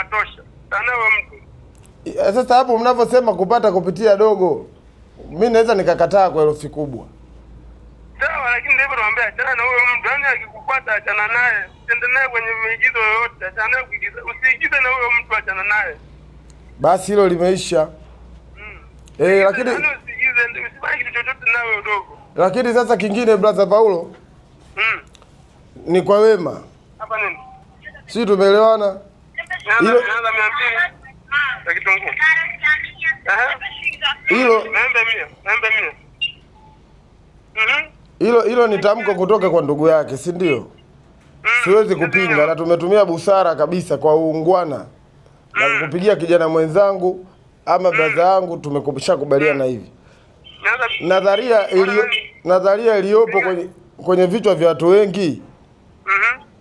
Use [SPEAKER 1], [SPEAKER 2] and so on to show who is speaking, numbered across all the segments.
[SPEAKER 1] unatosha sanawe mtu.
[SPEAKER 2] Eh, sasa hapo mnavyosema kupata kupitia dogo, mi naweza nikakataa kwa herufi kubwa,
[SPEAKER 1] sawa, lakini ndivyo naambia, achana na huyo mtu, yaani akikupata achana naye, usiende naye kwenye miigizo yoyote, achana naye, usiigize na huyo mtu, achana naye
[SPEAKER 2] basi, hilo limeisha. Mm. Eh, lakini yaani
[SPEAKER 1] usiigize, usifanye kitu chochote nawe dogo.
[SPEAKER 2] Lakini sasa kingine, brother Paulo, mm. ni kwa wema hapa nini, sisi tumeelewana? hilo hilo hilo ni tamko kutoka kwa ndugu yake, si ndio? Mhm. Siwezi kupinga na tumetumia busara kabisa kwa uungwana na mhm. kupigia kijana mwenzangu ama mhm. baza yangu, tumeshakubaliana hivi. Nadharia iliyopo kwenye, kwenye vichwa vya watu wengi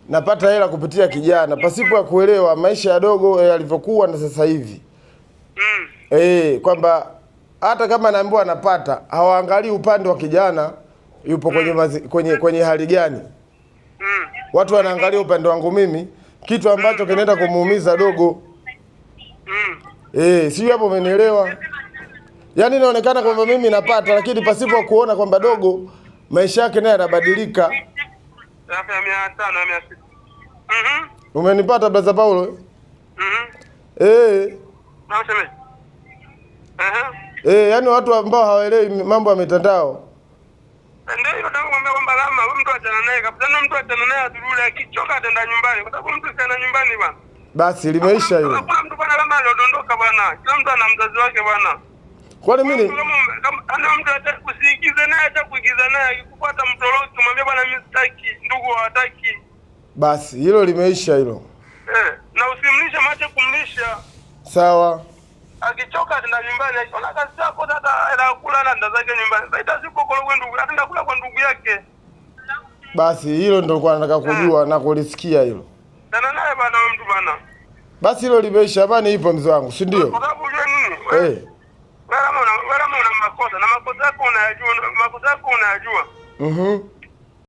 [SPEAKER 2] napata hela kupitia kijana pasipo ya kuelewa maisha ya dogo eh, yalivyokuwa na sasa hivi mm. E, kwamba hata kama naambiwa anapata hawaangalii upande wa kijana yupo kwenye, mm. mazi, kwenye, kwenye hali gani mm. Watu wanaangalia upande wangu mimi, kitu ambacho mm. kinaenda kumuumiza dogo mm. E, sijui hapo umenielewa? Yaani inaonekana kwamba mimi napata, lakini pasipo kuona kwamba dogo maisha yake naye yanabadilika Mhm. Umenipata Blaza Paulo? Mhm. Eh. Eh, yaani watu ambao hawaelewi mambo ya mitandao.
[SPEAKER 1] Ndio hiyo ndio kwamba kwamba lama mtu achana naye kabisa yaani mtu achana naye akichoka nyumbani kwa sababu mtu sana nyumbani bwana.
[SPEAKER 2] Basi limeisha hilo.
[SPEAKER 1] Kuna mtu bwana lama bwana. Kila mtu ana mzazi wake bwana. Kwani mimi kama mtu anataka usiingize naye hata kuingiza naye akikupata mtoroki, tumwambia bwana, mimi sitaki, ndugu hawataki,
[SPEAKER 2] basi hilo limeisha hilo
[SPEAKER 1] eh. Na usimlishe macho kumlisha, sawa. Akichoka tenda nyumbani, akiona kazi zako sasa hela kula na ndo zake nyumbani. Sasa itasipo kwa ndugu, ataenda kula kwa ndugu yake.
[SPEAKER 2] Basi hilo ndo kwa nataka kujua na kulisikia hilo.
[SPEAKER 1] Tena naye bwana mtu bwana
[SPEAKER 2] Basi hilo limeisha, bana ipo mzee wangu, si ndio? Kwa sababu unajua nini? Eh
[SPEAKER 1] wewe kama una makosa na makosa yako unayajua, makosa yako unayajua.
[SPEAKER 2] Mhm.